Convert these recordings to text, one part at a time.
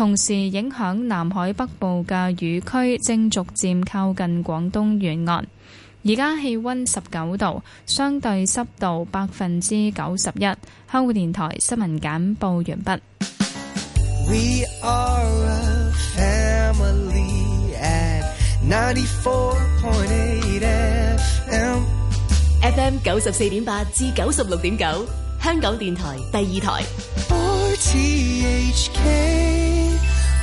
同時影響南海北部嘅雨區正逐漸靠近廣東沿岸，而家氣温十九度，相對濕度百分之九十一。香港電台新聞簡報完畢。FM 九十四點八至九十六點九，香港電台第二台。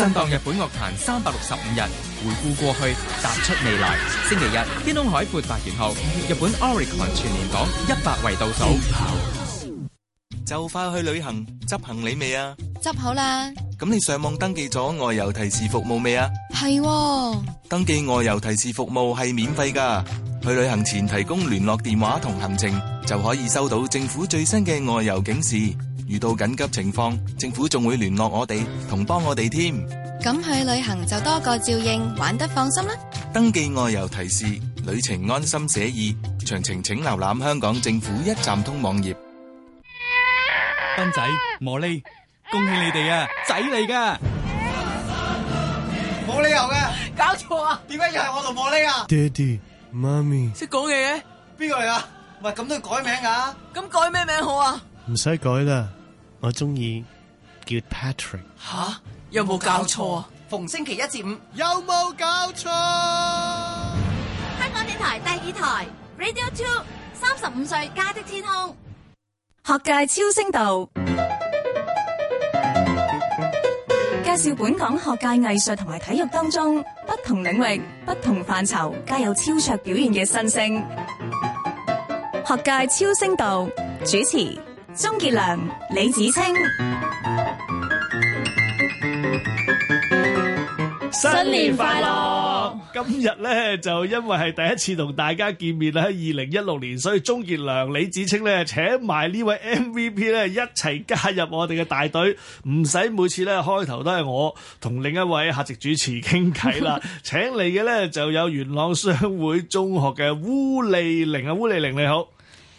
震盪日本樂壇三百六十五日，回顧過去，踏出未來。星期日天空海闊發言號，日本 Oricon 全年榜一百位倒數。就快去旅行，執行李未啊？執好啦。咁你上網登記咗外遊提示服務未啊？係。登記外遊提示服務係免費噶，去旅行前提供聯絡電話同行程，就可以收到政府最新嘅外遊警示。遇到緊急情況，政府仲會聯絡我哋同幫我哋添。咁去旅行就多個照應，玩得放心啦。登記外遊提示，旅程安心寫意。詳情請瀏覽香港政府一站通網頁。斌仔，茉莉，恭喜你哋啊！仔嚟噶，冇理由嘅，搞錯啊！點解又係我同茉莉啊？爹哋媽咪，識講嘢嘅，邊個嚟啊？唔係咁都要改名噶，咁改咩名好啊？唔使改啦。我中意叫 Patrick。吓，有冇搞錯？搞逢星期一至五有冇搞錯？香港電台第二台 Radio Two，三十五歲家的天空，學界超聲道介紹本港學界、藝術同埋體育當中不同領域、不同範疇皆有超卓表現嘅新星。學界超聲道主持。鍾傑良、李芷菁，新年快樂！今日呢就因為係第一次同大家見面啦，喺二零一六年，所以鍾傑良、李芷菁呢請埋呢位 MVP 呢一齊加入我哋嘅大隊，唔使每次呢開頭都係我同另一位客席主持傾偈啦，請嚟嘅呢就有元朗商會中學嘅鄔梨鈴啊，鄔梨鈴你好。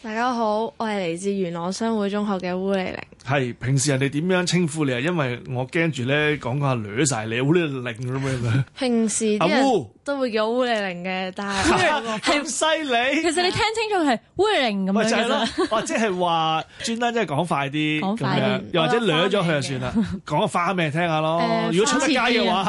大家好，我係嚟自元朗商會中學嘅鄔梨鈴。係平時人哋點樣稱呼你啊？因為我驚住咧講下掠晒你鄔梨鈴」咁樣。平時阿鄔都會叫鄔梨鈴嘅，但係係咁犀利。其實你聽清楚係鄔梨鈴咁樣啦。咪就係咯，哦，即係話專登即係講快啲咁樣，又或者掠咗佢就算啦，講個花名聽下咯。如果出得街嘅話，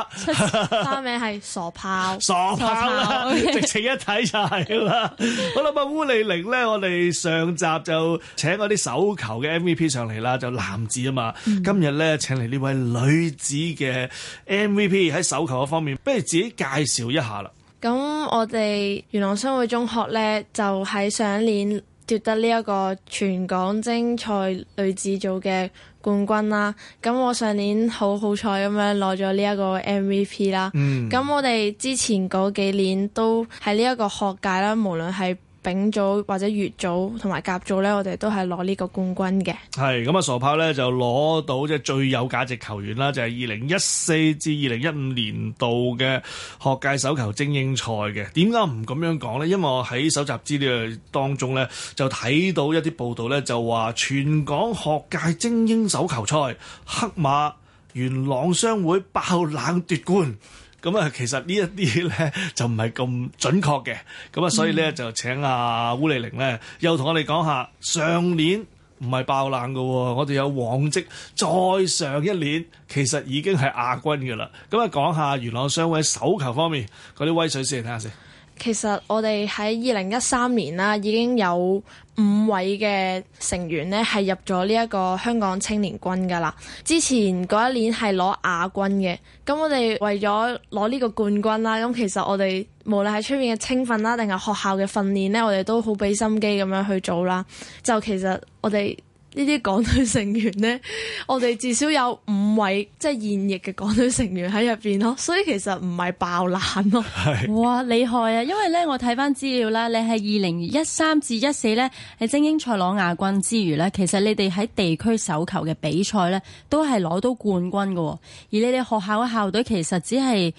花名係傻炮，傻炮啦，直情一睇就係啦。好啦，阿鄔梨鈴咧，我哋上集就請嗰啲手球嘅 M V P 上嚟啦。就男子啊嘛，今日咧請嚟呢位女子嘅 MVP 喺手球方面，不如自己介紹一下啦。咁、嗯、我哋元朗商會中學咧就喺、是、上一年奪得呢一個全港精英賽女子組嘅冠軍啦。咁我上年好好彩咁樣攞咗呢一個 MVP 啦。咁、嗯、我哋之前嗰幾年都喺呢一個學界啦，無論係。丙組或者乙組同埋甲組呢，我哋都係攞呢個冠軍嘅。係咁啊，傻炮呢就攞到即係最有價值球員啦，就係二零一四至二零一五年度嘅學界手球精英賽嘅。點解唔咁樣講呢？因為我喺搜集資料當中呢，就睇到一啲報道呢，就話全港學界精英手球賽黑馬元朗商會爆冷奪冠。咁啊，其實呢一啲咧就唔係咁準確嘅，咁啊，所以咧就請阿鄔梨鈴咧又同我哋講下上年唔係爆冷嘅喎，我哋有往績，再上一年其實已經係亞軍嘅啦。咁啊，講下元朗商會手球方面嗰啲威水先嚟睇下先。其實我哋喺二零一三年啦，已經有。五位嘅成員咧係入咗呢一個香港青年軍㗎啦。之前嗰一年係攞亞軍嘅，咁我哋為咗攞呢個冠軍啦，咁其實我哋無論喺出面嘅青訓啦，定係學校嘅訓練咧，我哋都好俾心機咁樣去做啦。就其實我哋。呢啲港隊成員呢，我哋至少有五位即係、就是、現役嘅港隊成員喺入邊咯，所以其實唔係爆冷咯。是哇，厲害啊！因為呢，我睇翻資料啦，你喺二零一三至一四呢，係精英賽攞亞軍之餘呢，其實你哋喺地區手球嘅比賽呢，都係攞到冠軍嘅。而你哋學校嘅校隊其實只係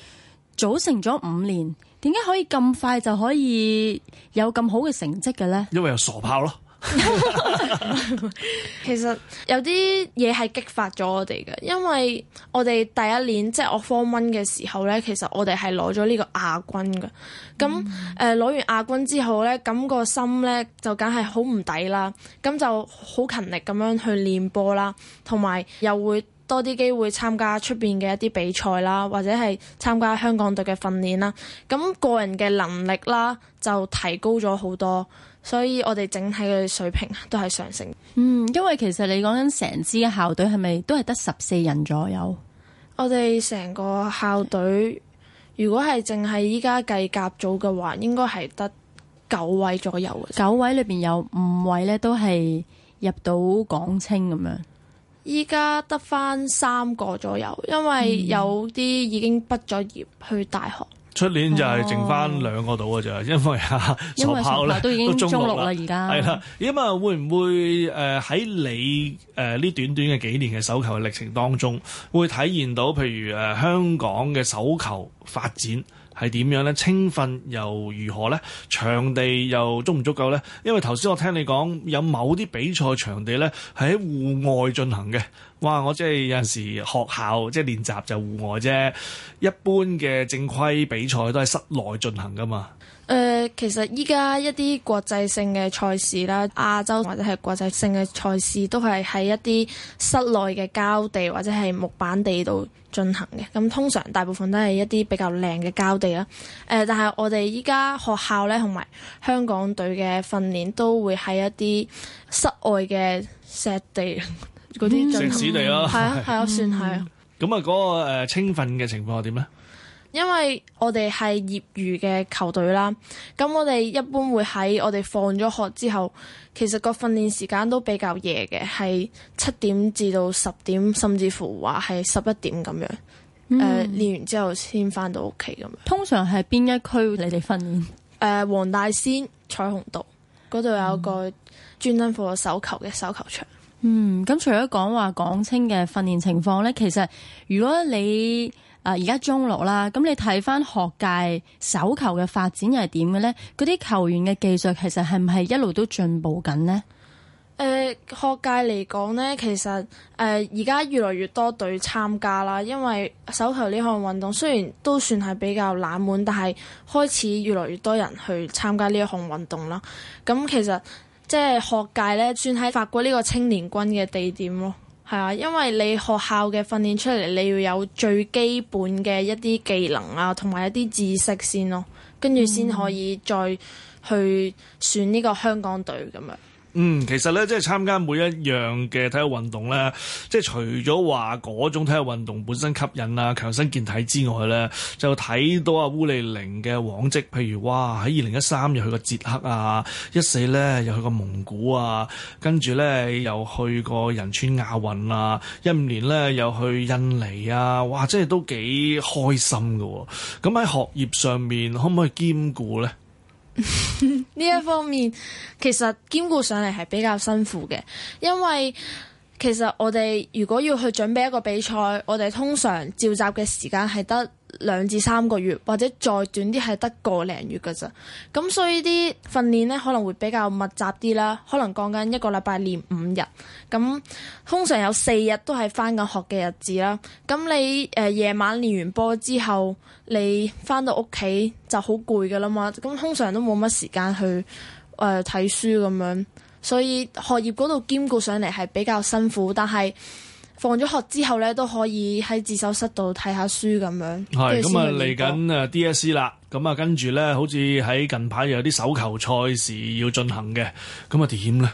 組成咗五年，點解可以咁快就可以有咁好嘅成績嘅呢？因為有傻炮咯。 其實有啲嘢係激發咗我哋嘅，因為我哋第一年即係、就是、我 form one 嘅時候呢，其實我哋係攞咗呢個亞軍噶。咁誒、嗯，攞、呃、完亞軍之後呢，咁、那個心呢就梗係好唔抵啦。咁就好勤力，咁樣去練波啦，同埋又會多啲機會參加出邊嘅一啲比賽啦，或者係參加香港隊嘅訓練啦。咁、那個人嘅能力啦，就提高咗好多。所以我哋整體嘅水平都係上升。嗯，因為其實你講緊成支校隊係咪都係得十四人左右？我哋成個校隊，如果係淨係依家計甲組嘅話，應該係得九位左右。九位裏邊有五位呢，都係入到港青咁樣。依家得翻三個左右，因為有啲已經畢咗業去大學。出年就係剩翻兩個度嘅啫，因為啊因為傻炮咧都已經中六啦，而家係啦。咁啊，會唔會誒喺、呃、你誒呢、呃、短短嘅幾年嘅手球歷程當中，會體現到譬如誒、呃、香港嘅手球發展？係點樣咧？青訓又如何咧？場地又足唔足夠咧？因為頭先我聽你講有某啲比賽場地咧係喺戶外進行嘅，哇！我即係有陣時學校即係、就是、練習就戶外啫，一般嘅正規比賽都係室內進行噶嘛。誒、呃，其實依家一啲國際性嘅賽事啦，亞洲或者係國際性嘅賽事，都係喺一啲室內嘅膠地或者係木板地度進行嘅。咁通常大部分都係一啲比較靚嘅膠地啦。誒、呃，但係我哋依家學校咧，同埋香港隊嘅訓練，都會喺一啲室外嘅石地嗰啲，嗯、城市石屎地咯，係啊，係啊，算係。咁啊、嗯，嗰個誒，清訓嘅情況係點咧？因為我哋係業餘嘅球隊啦，咁我哋一般會喺我哋放咗學之後，其實個訓練時間都比較夜嘅，係七點至到十點，甚至乎話係十一點咁樣。誒、嗯呃、練完之後先翻到屋企咁樣。通常係邊一區你哋訓練？誒、呃、黃大仙彩虹道嗰度有個專登做手球嘅手球場。嗯，咁、嗯、除咗講話講清嘅訓練情況呢，其實如果你啊！而家中六啦，咁你睇翻學界手球嘅發展又係點嘅呢？嗰啲球員嘅技術其實係唔係一路都進步緊呢？誒，學界嚟講呢，其實誒而家越來越多隊參加啦，因為手球呢項運動雖然都算係比較冷門，但係開始越來越多人去參加呢一項運動啦。咁、嗯、其實即係學界呢，算喺發掘呢個青年軍嘅地點咯。係啊，因為你學校嘅訓練出嚟，你要有最基本嘅一啲技能啊，同埋一啲知識先咯，跟住先可以再去選呢個香港隊咁樣。嗯，其實咧，即係參加每一樣嘅體育運動咧，即係除咗話嗰種體育運動本身吸引啊、強身健體之外咧，就睇到啊鄔梨鈴嘅往績，譬如哇，喺二零一三又去過捷克啊，一四咧又去過蒙古啊，跟住咧又去過仁川亞運啊，一五年咧又去印尼啊，哇，真係都幾開心㗎喎，哦！咁喺學業上面可唔可以兼顧咧？ 呢一方面，其實兼顧上嚟係比較辛苦嘅，因為其實我哋如果要去準備一個比賽，我哋通常召集嘅時間係得，兩至三個月，或者再短啲係得個零月嘅咋。咁所以啲訓練咧可能會比較密集啲啦，可能講緊一個禮拜練五日，咁通常有四日都係返緊學嘅日子啦。咁你誒、呃、夜晚練完波之後，你返到屋企就好攰嘅啦嘛。咁通常都冇乜時間去誒睇、呃、書咁樣，所以學業嗰度兼顧上嚟係比較辛苦，但係，放咗學之後咧都可以喺自修室度睇下書咁樣。係咁啊，嚟緊啊 DSC 啦，咁啊跟住咧，好似喺近排有啲手球賽事要進行嘅，咁啊點咧？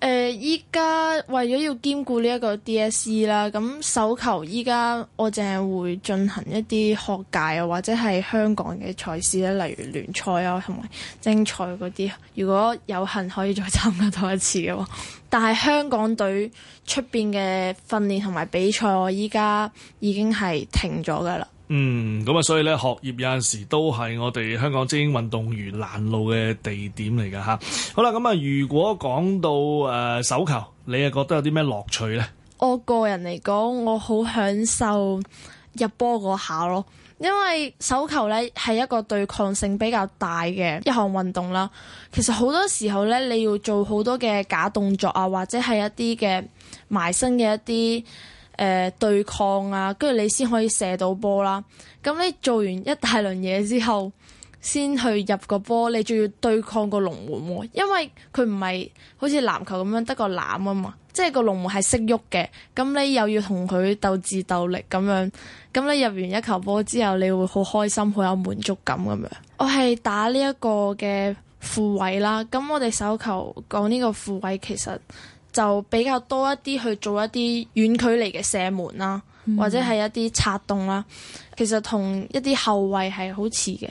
誒，依家、呃、為咗要兼顧呢一個 DSE 啦，咁手球依家我淨係會進行一啲學界啊，或者係香港嘅賽事咧，啊，例如聯賽啊，同埋精英賽嗰啲。如果有幸可以再參加多一次嘅話， 但係香港隊出邊嘅訓練同埋比賽，我依家已經係停咗噶啦。嗯，咁啊，所以咧，學業有陣時都係我哋香港精英運動員攔路嘅地點嚟噶吓，好啦，咁、嗯、啊，如果講到誒、呃、手球，你係覺得有啲咩樂趣呢？我個人嚟講，我好享受入波嗰下咯，因為手球呢係一個對抗性比較大嘅一項運動啦。其實好多時候呢，你要做好多嘅假動作啊，或者係一啲嘅埋身嘅一啲。誒、呃、對抗啊，跟住你先可以射到波啦。咁你做完一大輪嘢之後，先去入個波，你仲要對抗個龍門喎、喔，因為佢唔係好似籃球咁樣得個籃啊嘛，即係個龍門係識喐嘅。咁你又要同佢鬥智鬥力咁樣。咁你入完一球波之後，你會好開心，好有滿足感咁樣。我係打呢一個嘅副位啦。咁我哋手球講呢個副位其實。就比較多一啲去做一啲遠距離嘅射門啦，嗯、或者係一啲插洞啦，其實同一啲後衞係好似嘅。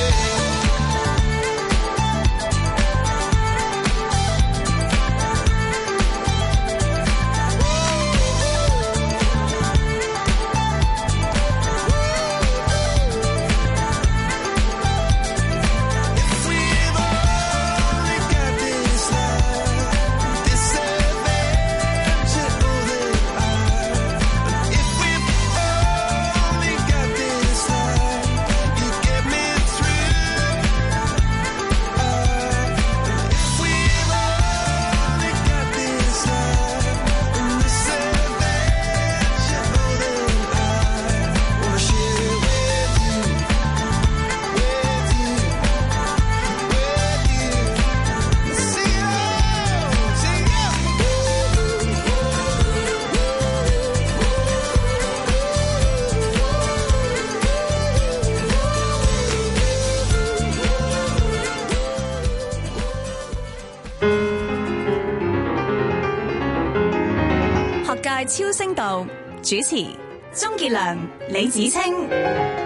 主持：鍾傑良、李芷菁。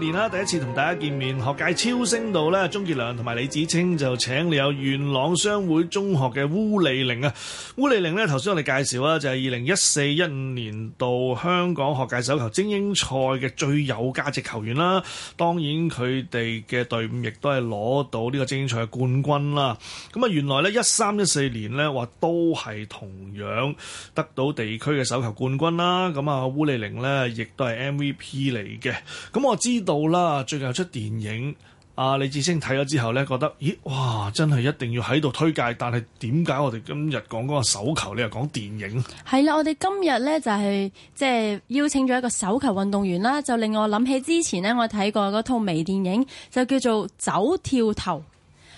年啦，第一次同大家見面，學界超星度咧，鍾傑良同埋李芷菁就請嚟有元朗商會中學嘅鄔梨鈴啊，鄔梨鈴咧頭先我哋介紹啦，就係二零一四一五年度香港學界手球精英賽嘅最有價值球員啦，當然佢哋嘅隊伍亦都係攞到呢個精英賽嘅冠軍啦。咁啊，原來咧一三一四年呢，話都係同樣得到地區嘅手球冠軍啦，咁啊鄔梨鈴呢，亦都係 MVP 嚟嘅，咁我知道。到啦！最近有出電影，阿李芷菁睇咗之後咧，覺得咦哇，真係一定要喺度推介。但係點解我哋今日講個手球，你又講電影？係啦，我哋今日咧就係即係邀請咗一個手球運動員啦，就令我諗起之前咧我睇過嗰套微電影，就叫做《走跳投》。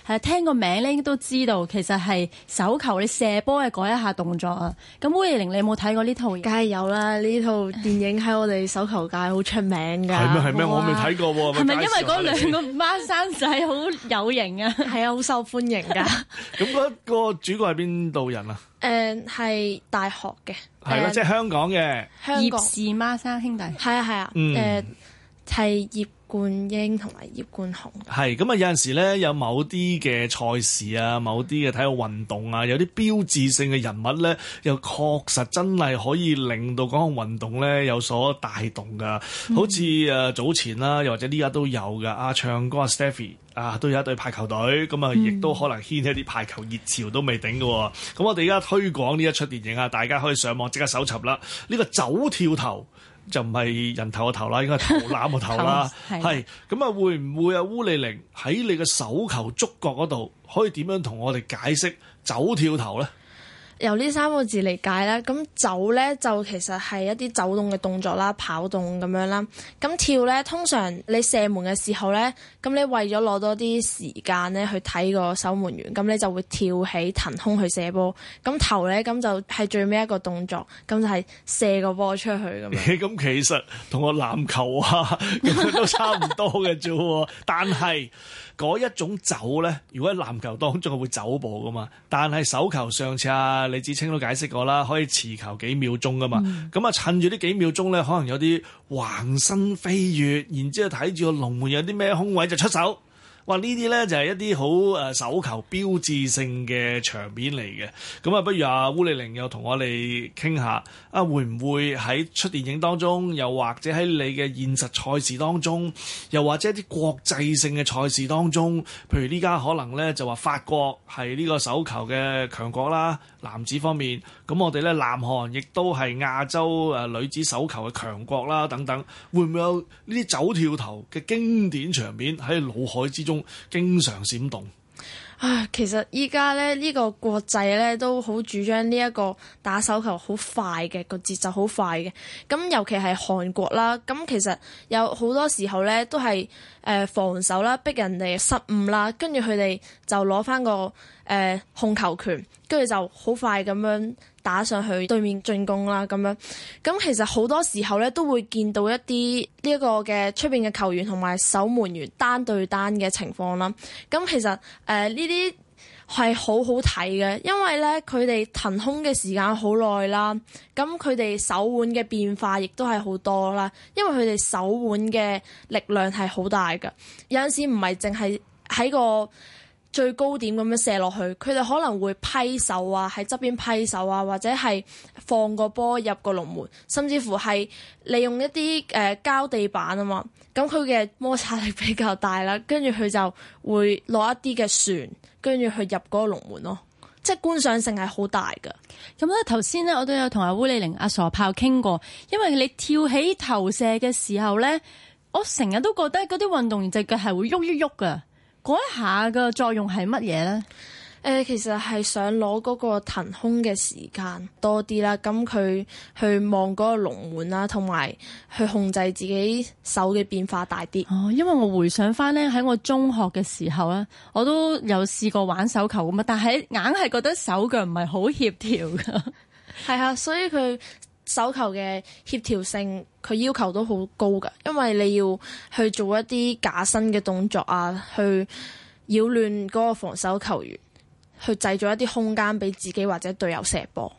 係啊，聽個名咧，應該都知道，其實係手球你射波嘅嗰一下動作啊。咁鄔梨鈴，你有冇睇過呢套？梗係有啦！呢套電影，喺我哋手球界好出名噶。係咩？係咩？我未睇過喎。係咪因為嗰兩個孖生仔好有型啊？係啊，好受歡迎噶。咁嗰個主角係邊度人啊？誒，係大學嘅。係咯，即係香港嘅。香港葉氏孖生兄弟。係啊係啊。嗯。誒，係葉。冠英同埋葉冠雄係咁啊！有陣時咧，有某啲嘅賽事啊，嗯、某啲嘅體育運動啊，有啲標誌性嘅人物咧，又確實真係可以令到嗰項運動咧有所帶動噶。嗯、好似誒、呃、早前啦，又或者呢家都有噶啊，唱歌啊，Stephy 啊，都有一隊排球隊咁啊，亦、嗯、都可能牽起啲排球熱潮都未頂噶、哦。咁、嗯、我哋而家推廣呢一出電影啊，大家可以上網，上網即刻搜尋啦。呢、呢個走跳，跳頭。就唔係人頭個頭啦，應該係頭攬個頭啦，係， 咁啊，會唔會啊鄔梨鈴喺你嘅手球觸角嗰度，可以點樣同我哋解釋走跳投咧？由呢三個字嚟解啦，咁走呢，就其實係一啲走動嘅動作啦，跑動咁樣啦。咁跳呢，通常你射門嘅時候呢，咁你為咗攞多啲時間呢去睇個守門員，咁你就會跳起騰空去射波。咁投呢，咁就係最尾一個動作，咁就係射個波出去咁樣。咁其實同個籃球啊都差唔多嘅啫，但係。嗰一種走咧，如果喺籃球當中會走步噶嘛，但係手球上次啊李芷菁都解釋過啦，可以持球幾秒鐘噶嘛，咁啊、嗯、趁住呢幾秒鐘咧，可能有啲橫身飛越，然之後睇住個龍門有啲咩空位就出手。哇！呢啲咧就係、是、一啲好誒手球標誌性嘅場面嚟嘅，咁啊，不如啊鄔梨鈴又同我哋傾下，啊會唔會喺出電影當中，又或者喺你嘅現實賽事當中，又或者一啲國際性嘅賽事當中，譬如呢家可能咧就話法國係呢個手球嘅強國啦，男子方面，咁我哋咧南韓亦都係亞洲誒、呃、女子手球嘅強國啦，等等，會唔會有呢啲走跳投嘅經典場面喺腦海之中？經常閃動啊！其實依家咧呢個國際咧都好主張呢一個打手球好快嘅，嗰個節奏好快嘅，咁尤其係韓國啦。咁其實有好多時候咧都係誒防守啦，逼人哋失誤啦，跟住佢哋就攞返個誒、呃、控球權，跟住就好快咁樣。打上去對面進攻啦，咁樣。咁其實好多時候咧都會見到一啲呢一個嘅出面嘅球員同埋守門員單對單嘅情況啦。咁其實誒呢啲係好好睇嘅，因為咧佢哋騰空嘅時間好耐啦，咁佢哋手腕嘅變化亦都係好多啦，因為佢哋手腕嘅力量係好大㗎，有陣時唔係淨係喺個最高點咁樣射落去，佢哋可能會批手啊，喺側邊批手啊，或者係放個波入個龍門，甚至乎係利用一啲誒膠地板啊嘛。咁佢嘅摩擦力比較大啦，跟住佢就會落一啲嘅船，跟住去入嗰個龍門咯。即係觀賞性係好大㗎。咁咧頭先咧，我都有同阿鄔梨鈴、阿傻炮傾過，因為你跳起投射嘅時候咧，我成日都覺得嗰啲運動員隻腳係會喐喐喐㗎。嗰一下嘅作用係乜嘢呢？誒、呃，其實係想攞嗰個騰空嘅時間多啲啦。咁佢去望嗰個龍門啦，同埋去控制自己手嘅變化大啲。哦，因為我回想翻呢，喺我中學嘅時候咧，我都有試過玩手球咁啊，但係硬係覺得手腳唔係好協調噶。係 啊，所以佢。手球嘅協調性，佢要求都好高噶，因為你要去做一啲假身嘅動作啊，去擾亂個防守球員，去製造一啲空間俾自己或者隊友射波。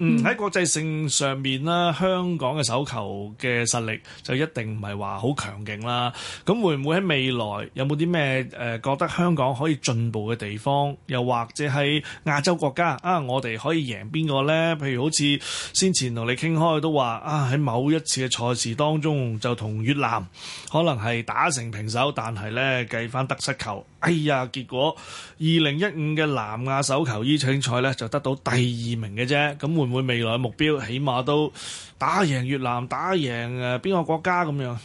嗯，喺國際性上面咧，香港嘅手球嘅實力就一定唔係話好強勁啦。咁會唔會喺未來有冇啲咩誒，覺得香港可以進步嘅地方？又或者係亞洲國家啊，我哋可以贏邊個咧？譬如好似先前同你傾開都話啊，喺某一次嘅賽事當中就同越南可能係打成平手，但係咧計翻得失球，哎呀，結果二零一五嘅南亞手球邀請賽咧就得到第二名嘅啫。咁會。會未來目標，起碼都打贏越南，打贏誒邊個國家咁樣？誒、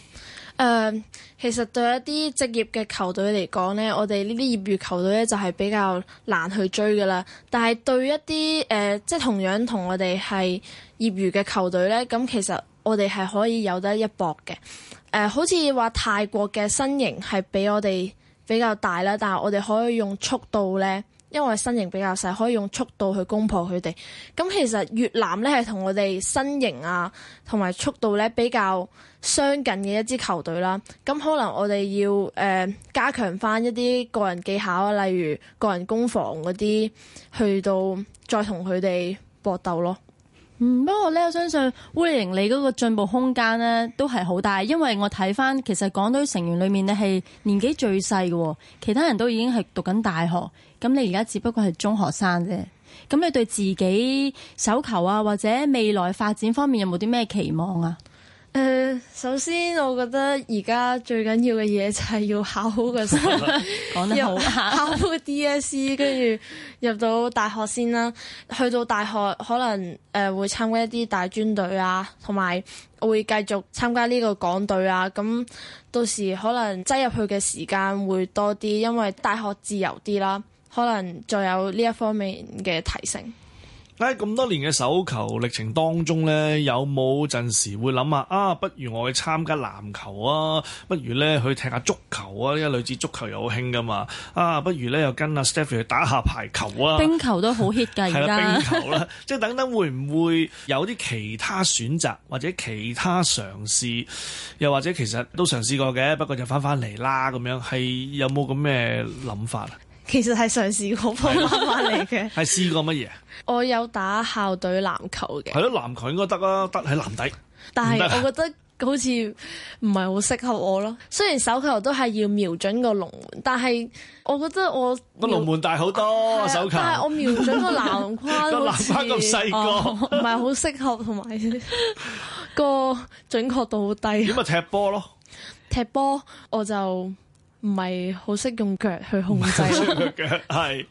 呃，其實對一啲職業嘅球隊嚟講呢，我哋呢啲業餘球隊呢，就係比較難去追噶啦。但係對一啲誒、呃，即係同樣同我哋係業餘嘅球隊呢，咁其實我哋係可以有得一搏嘅。誒、呃，好似話泰國嘅身形係比我哋比較大啦，但係我哋可以用速度呢。因為身形比較細，可以用速度去攻破佢哋。咁其實越南呢係同我哋身形啊，同埋速度呢比較相近嘅一支球隊啦。咁可能我哋要誒加強返一啲個人技巧啊，例如個人攻防嗰啲，去到再同佢哋搏鬥囉。嗯，不過咧，我相信鄔梨鈴你嗰個進步空間咧都係好大，因為我睇返其實港隊成員裏面你係年紀最細嘅，其他人都已經係讀緊大學，咁你而家只不過係中學生啫，咁你對自己手球啊或者未來發展方面有冇啲咩期望啊？誒、呃，首先我覺得而家最緊要嘅嘢就係要考好個成，講得好考好個 DSE，跟住入到大學先啦。去到大學可能誒、呃、會參加一啲大專隊啊，同埋會繼續參加呢個港隊啊。咁到時可能擠入去嘅時間會多啲，因為大學自由啲啦，可能再有呢一方面嘅提升。喺咁多年嘅手球歷程當中咧，有冇陣時會諗啊？啊，不如我去參加籃球啊！不如咧去踢下足球啊！依家女子足球又好興㗎嘛啊！不如咧又跟阿 Stephy 去打下排球啊！冰球都好 hit 㗎，而家、 啊、冰球啦、啊，即係 等等會唔會有啲其他選擇或者其他嘗試？又或者其實都嘗試過嘅，不過就翻返嚟啦咁樣，係有冇咁嘅諗法啊？其實係嘗試過幫媽媽嚟嘅，係試過乜嘢？我有打校隊籃球嘅，係咯，籃球應該得啦，得喺籃底。但係是 我覺得好似唔係好適合我咯。雖然手球都係要瞄準個龍門，但係我覺得我個龍門大好多，啊啊、手球。但係我瞄準籃 籃個籃框、 哦，個籃框咁細個，唔係好適合，同埋個準確度好低。咁咪踢波咯？踢波我就。唔係好識用腳去控制，係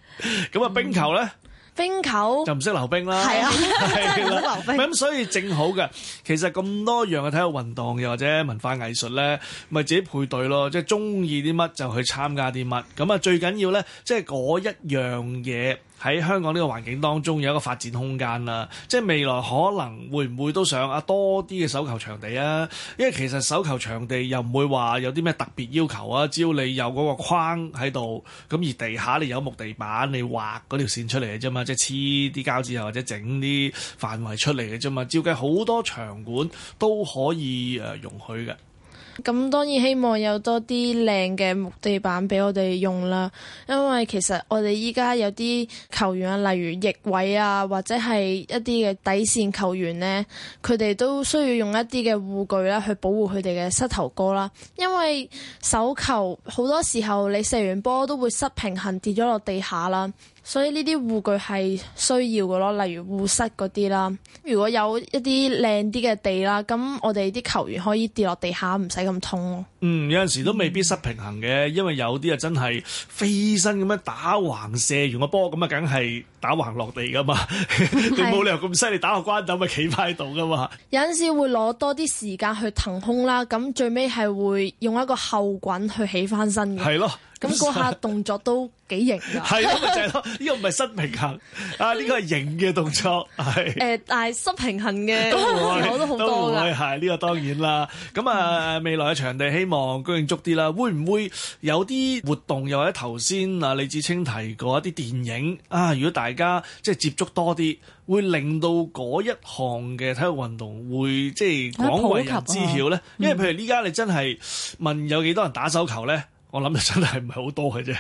咁啊！冰球咧，冰球就唔識溜冰啦，係啊，真係溜冰。咁所以正好嘅，其實咁多樣嘅體育運動，又或者文化藝術咧，咪自己配對咯，即係中意啲乜就去參加啲乜。咁啊，最緊要咧，即係嗰一樣嘢。喺香港呢個環境當中有一個發展空間啦，啊，即係未來可能會唔會都想啊多啲嘅手球場地啊？因為其實手球場地又唔會話有啲咩特別要求啊，只要你有嗰個框喺度，咁而地下你有木地板，你畫嗰條線出嚟嘅啫嘛，即係黐啲膠紙啊，或者整啲範圍出嚟嘅啫嘛，照計好多場館都可以誒容許嘅。咁當然希望有多啲靚嘅木地板俾我哋用啦，因為其實我哋依家有啲球員啊，例如翼位啊，或者係一啲嘅底線球員呢，佢哋都需要用一啲嘅護具啦，去保護佢哋嘅膝頭哥啦，因為手球好多時候你射完波都會失平衡跌咗落地下啦。所以呢啲護具係需要嘅咯，例如護膝嗰啲啦。如果有一啲靚啲嘅地啦，咁我哋啲球員可以跌落地下唔使咁痛咯。嗯，有陣時都未必失平衡嘅，嗯、因為有啲啊真係飛身咁樣打橫射完個波咁啊，梗係打橫落地噶嘛，你 冇理由咁犀利打個關斗咪企喺度噶嘛。是有陣時會攞多啲時間去騰空啦，咁最尾係會用一個後滾去起翻身嘅。係咯。咁嗰下動作都幾型㗎，係咯咪就係、係、咯，呢、 啊呢個唔係、呃、失平衡，啊呢個係型嘅動作，係誒， 但係失平衡嘅都好多，都好多㗎，係呢個當然啦。咁啊，未來嘅場地希望更足啲啦。會唔會有啲活動？又或者頭先啊，李芷菁提過一啲電影啊。如果大家即係接觸多啲，會令到嗰一項嘅體育運動會即係廣為人知曉咧。因為譬如依家你真係問有幾多人打手球咧？我諗嘅真係唔係好多嘅啫，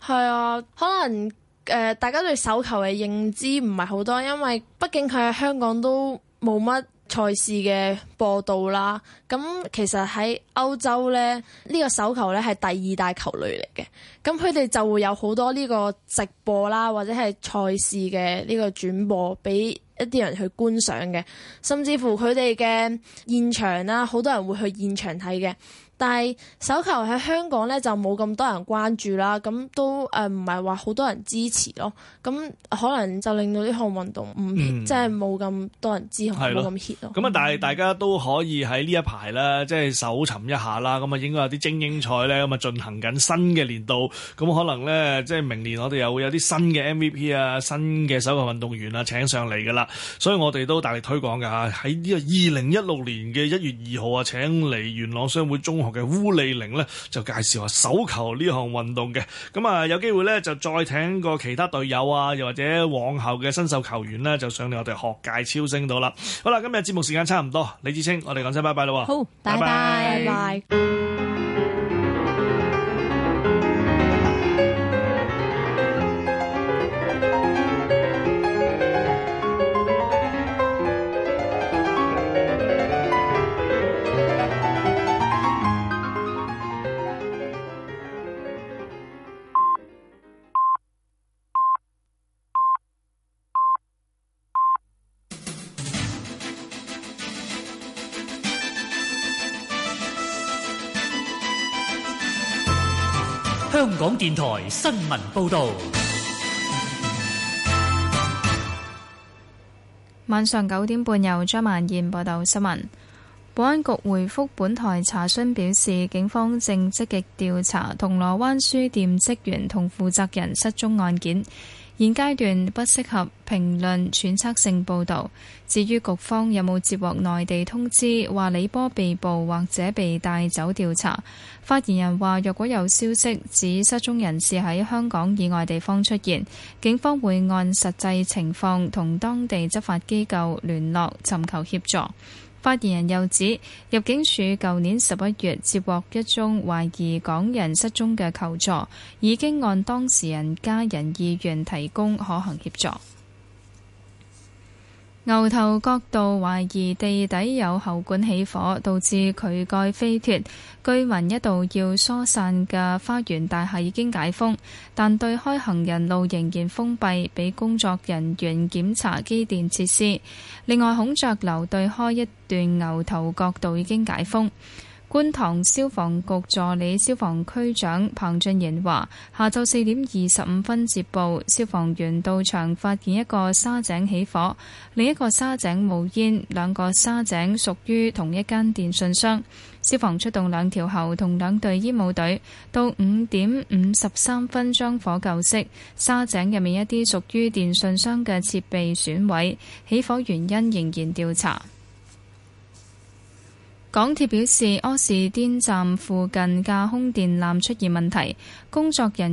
係啊，可能誒、呃、大家對手球嘅認知唔係好多，因為畢竟佢喺香港都冇乜賽事嘅播道啦。咁其實喺歐洲呢，呢、呢個手球呢係第二大球類嚟嘅。咁佢哋就會有好多呢個直播啦，或者係賽事嘅呢個轉播俾一啲人去觀賞嘅，甚至乎佢哋嘅現場啦，好多人會去現場睇嘅。但係手球喺香港咧就冇咁多人關注啦，咁都誒唔係話好多人支持咯，咁可能就令到呢項運動唔、嗯、即係冇咁多人知，冇咁 hit 咯。咁啊、嗯，但係大家都可以喺呢一排啦，即係搜尋一下啦，咁啊應該有啲精英賽咧咁啊進行緊新嘅年度，咁可能咧即係明年我哋又會有啲新嘅 MVP 啊、新嘅手球運動員啊請上嚟㗎啦，所以我哋都大力推廣嘅吓，喺呢個二零一六年嘅一月二號啊請嚟元朗商會中嘅鄔梨鈴咧就介紹下手球項運、啊、呢項運動嘅，咁啊有機會咧就再請個其他隊友啊，又或者往後嘅新秀球員咧就上嚟我哋學界超星到啦。好啦，今日節目時間差唔多，李芷菁，我哋講聲拜拜啦。好，拜拜拜拜。Bye bye bye bye 電台新聞報道。晚上九點半由，由張曼燕報道新聞。保安局回覆本台查詢，表示警方正積極調查銅鑼灣書店職員同負責人失蹤案件。現階段不適合評論揣測性報導。至於局方有冇接獲內地通知話李波被捕或者被帶走調查，發言人話：若果有消息指失蹤人士喺香港以外地方出現，警方會按實際情況同當地執法機構聯絡，尋求協助。發言人又指，入境處舊年十一月接獲一宗懷疑港人失蹤嘅求助，已經按當事人家人意願提供可行協助。牛頭角道懷疑地底有喉管起火，導致渠蓋飛脱。居民一度要疏散嘅花園大廈已經解封，但對開行人路仍然封閉，俾工作人員檢查機電設施。另外，孔雀樓對開一段牛頭角道已經解封。觀塘消防局助理消防區長彭俊賢話：下晝四點二十五分接報，消防員到場發現一個沙井起火，另一個沙井冒煙，兩個沙井屬於同一間電信商。消防出動兩條喉同兩隊煙霧隊，到五點五十三分將火救熄。沙井入面一啲屬於電信商嘅設備損毀，起火原因仍然調查。港鐵表示，柯士甸站附近架空電纜出現問題，工作人員。